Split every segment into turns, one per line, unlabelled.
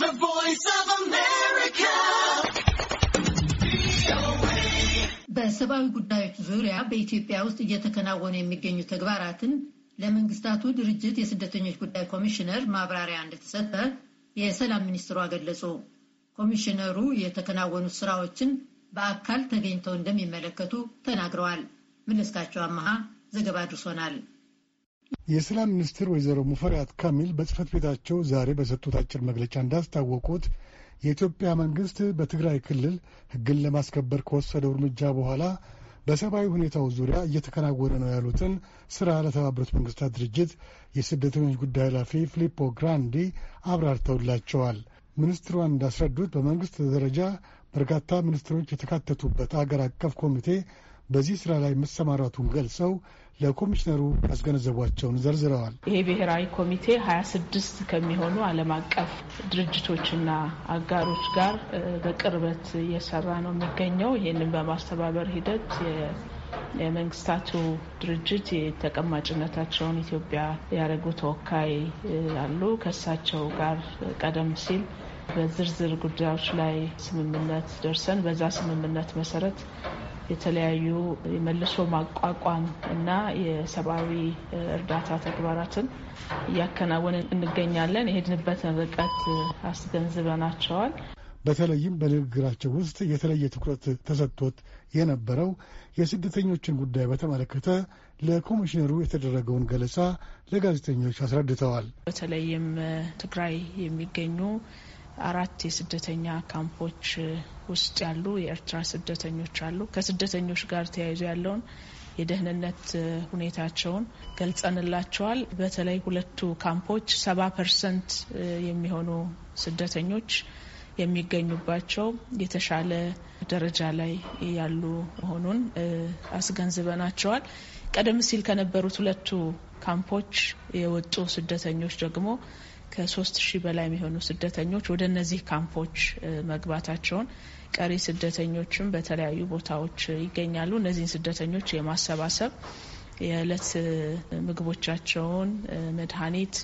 The Voice of America. በሰብአዊ ጉዳዮች ዙሪያ በኢትዮጵያ ውስጥ እየተከናወኑ የሚገኙ ተግባራትን ለመንግስታቱ ድርጅት የስደተኞች ጉዳይ ኮሚሽነር ማብራሪያ እንደተሰጠ የሰላም ሚኒስትሯ ገለጹ። ኮሚሽነሩ የተከናወኑ ስራዎችን በአካል ተገኝተው እንደሚመለከቱ ተናግረዋል። መለስካቸው አመሃ ዘገባ አድርሶናል።
የሰላም ሚኒስትር ወይዘሮ ሙፈሪያት ካሚል በጽህፈት ቤታቸው ዛሬ በሰጡት አጭር መግለጫ እንዳስታወቁት የኢትዮጵያ መንግስት በትግራይ ክልል ህግን ለማስከበር ከወሰደው እርምጃ በኋላ በሰብአዊ ሁኔታው ዙሪያ እየተከናወነ ነው ያሉትን ስራ ለተባበሩት መንግስታት ድርጅት የስደተኞች ጉዳይ ኃላፊ ፊሊፖ ግራንዲ አብራርተውላቸዋል። ሚኒስትሯን እንዳስረዱት በመንግስት ደረጃ በርካታ ሚኒስትሮች የተካተቱበት አገር አቀፍ ኮሚቴ በዚህ ስራ ላይ መሰማራቱን ገልጸው ለኮሚሽነሩ ያስገነዘቧቸውን ዘርዝረዋል።
ይሄ ብሔራዊ ኮሚቴ ሀያ ስድስት ከሚሆኑ ዓለም አቀፍ ድርጅቶችና አጋሮች ጋር በቅርበት እየሰራ ነው የሚገኘው። ይህንን በማስተባበር ሂደት የመንግስታቱ ድርጅት የተቀማጭነታቸውን ኢትዮጵያ ያደረጉ ተወካይ አሉ። ከእሳቸው ጋር ቀደም ሲል በዝርዝር ጉዳዮች ላይ ስምምነት ደርሰን በዛ ስምምነት መሰረት የተለያዩ የመልሶ ማቋቋም እና የሰብአዊ እርዳታ ተግባራትን እያከናወን እንገኛለን። የሄድንበትን ርቀት አስገንዝበናቸዋል።
በተለይም በንግግራቸው ውስጥ የተለየ ትኩረት ተሰጥቶት የነበረው የስደተኞችን ጉዳይ በተመለከተ ለኮሚሽነሩ የተደረገውን ገለጻ ለጋዜጠኞች አስረድተዋል።
በተለይም ትግራይ የሚገኙ አራት የስደተኛ ካምፖች ውስጥ ያሉ የኤርትራ ስደተኞች አሉ። ከስደተኞች ጋር ተያይዞ ያለውን የደህንነት ሁኔታቸውን ገልጸንላቸዋል። በተለይ ሁለቱ ካምፖች ሰባ ፐርሰንት የሚሆኑ ስደተኞች የሚገኙባቸው የተሻለ ደረጃ ላይ ያሉ መሆኑን አስገንዝበናቸዋል። ቀደም ሲል ከነበሩት ሁለቱ ካምፖች የወጡ ስደተኞች ደግሞ ከሶስት ሺህ በላይ የሚሆኑ ስደተኞች ወደ እነዚህ ካምፖች መግባታቸውን ቀሪ ስደተኞችም በተለያዩ ቦታዎች ይገኛሉ። እነዚህን ስደተኞች የማሰባሰብ የዕለት ምግቦቻቸውን፣ መድኃኒት፣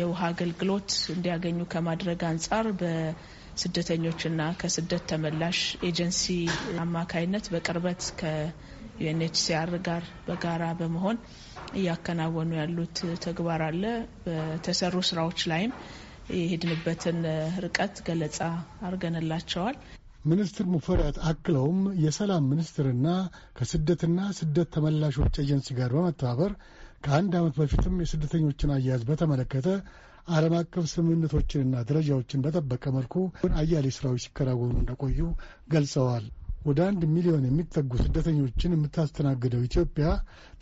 የውሃ አገልግሎት እንዲያገኙ ከማድረግ አንጻር በስደተኞችና ከስደት ተመላሽ ኤጀንሲ አማካይነት በቅርበት ዩኤንኤችሲአር ጋር በጋራ በመሆን እያከናወኑ ያሉት ተግባር አለ። በተሰሩ ስራዎች ላይም የሄድንበትን
ርቀት ገለጻ አድርገንላቸዋል። ሚኒስትር ሙፈሪያት አክለውም የሰላም ሚኒስትርና ከስደትና ስደት ተመላሾች ኤጀንሲ ጋር በመተባበር ከአንድ ዓመት በፊትም የስደተኞችን አያያዝ በተመለከተ ዓለም አቀፍ ስምምነቶችንና ደረጃዎችን በጠበቀ መልኩ አያሌ ስራዎች ሲከናወኑ እንደቆዩ ገልጸዋል። ወደ አንድ ሚሊዮን የሚጠጉ ስደተኞችን የምታስተናግደው ኢትዮጵያ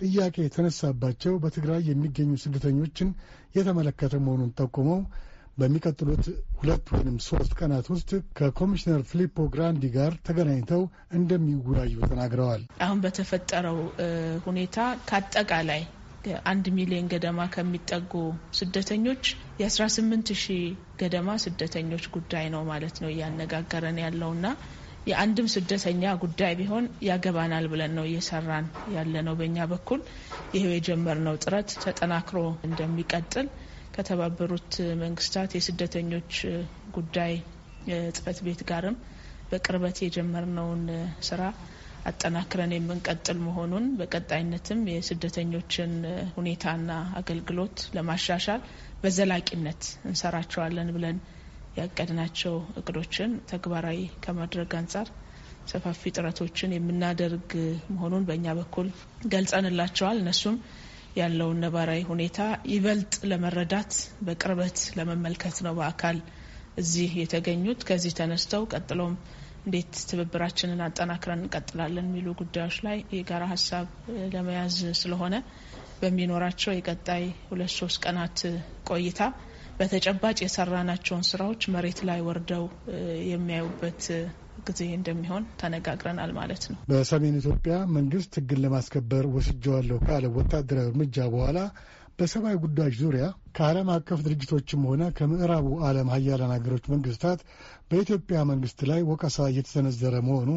ጥያቄ የተነሳባቸው በትግራይ የሚገኙ ስደተኞችን የተመለከተ መሆኑን ጠቁመው በሚቀጥሉት ሁለት ወይም ሶስት ቀናት ውስጥ ከኮሚሽነር ፊሊፖ ግራንዲ ጋር ተገናኝተው እንደሚወያዩ ተናግረዋል።
አሁን በተፈጠረው ሁኔታ ከአጠቃላይ አንድ ሚሊዮን ገደማ ከሚጠጉ ስደተኞች የ18 ሺህ ገደማ ስደተኞች ጉዳይ ነው ማለት ነው እያነጋገረን ያለውና የአንድም ስደተኛ ጉዳይ ቢሆን ያገባናል ብለን ነው እየሰራን ያለ ነው። በእኛ በኩል ይሄው የጀመርነው ጥረት ተጠናክሮ እንደሚቀጥል ከተባበሩት መንግስታት የስደተኞች ጉዳይ ጽሕፈት ቤት ጋርም በቅርበት የጀመርነውን ስራ አጠናክረን የምንቀጥል መሆኑን በቀጣይነትም የስደተኞችን ሁኔታና አገልግሎት ለማሻሻል በዘላቂነት እንሰራቸዋለን ብለን ያቀድናቸው እቅዶችን ተግባራዊ ከማድረግ አንጻር ሰፋፊ ጥረቶችን የምናደርግ መሆኑን በእኛ በኩል ገልጸንላቸዋል። እነሱም ያለውን ነባራዊ ሁኔታ ይበልጥ ለመረዳት በቅርበት ለመመልከት ነው በአካል እዚህ የተገኙት። ከዚህ ተነስተው ቀጥለውም እንዴት ትብብራችንን አጠናክረን እንቀጥላለን የሚሉ ጉዳዮች ላይ የጋራ ሀሳብ ለመያዝ ስለሆነ በሚኖራቸው የቀጣይ ሁለት ሶስት ቀናት ቆይታ በተጨባጭ የሰራናቸውን ስራዎች መሬት ላይ ወርደው የሚያዩበት ጊዜ እንደሚሆን ተነጋግረናል ማለት ነው።
በሰሜን ኢትዮጵያ መንግስት ህግን ለማስከበር ወስጀዋለሁ ካለ ወታደራዊ እርምጃ በኋላ በሰብአዊ ጉዳዮች ዙሪያ ከዓለም አቀፍ ድርጅቶችም ሆነ ከምዕራቡ ዓለም ሀያላን ሀገሮች መንግስታት በኢትዮጵያ መንግስት ላይ ወቀሳ እየተሰነዘረ መሆኑ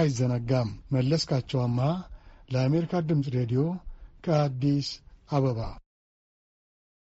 አይዘነጋም። መለስካቸው አምሃ ለአሜሪካ ድምፅ ሬዲዮ ከአዲስ አበባ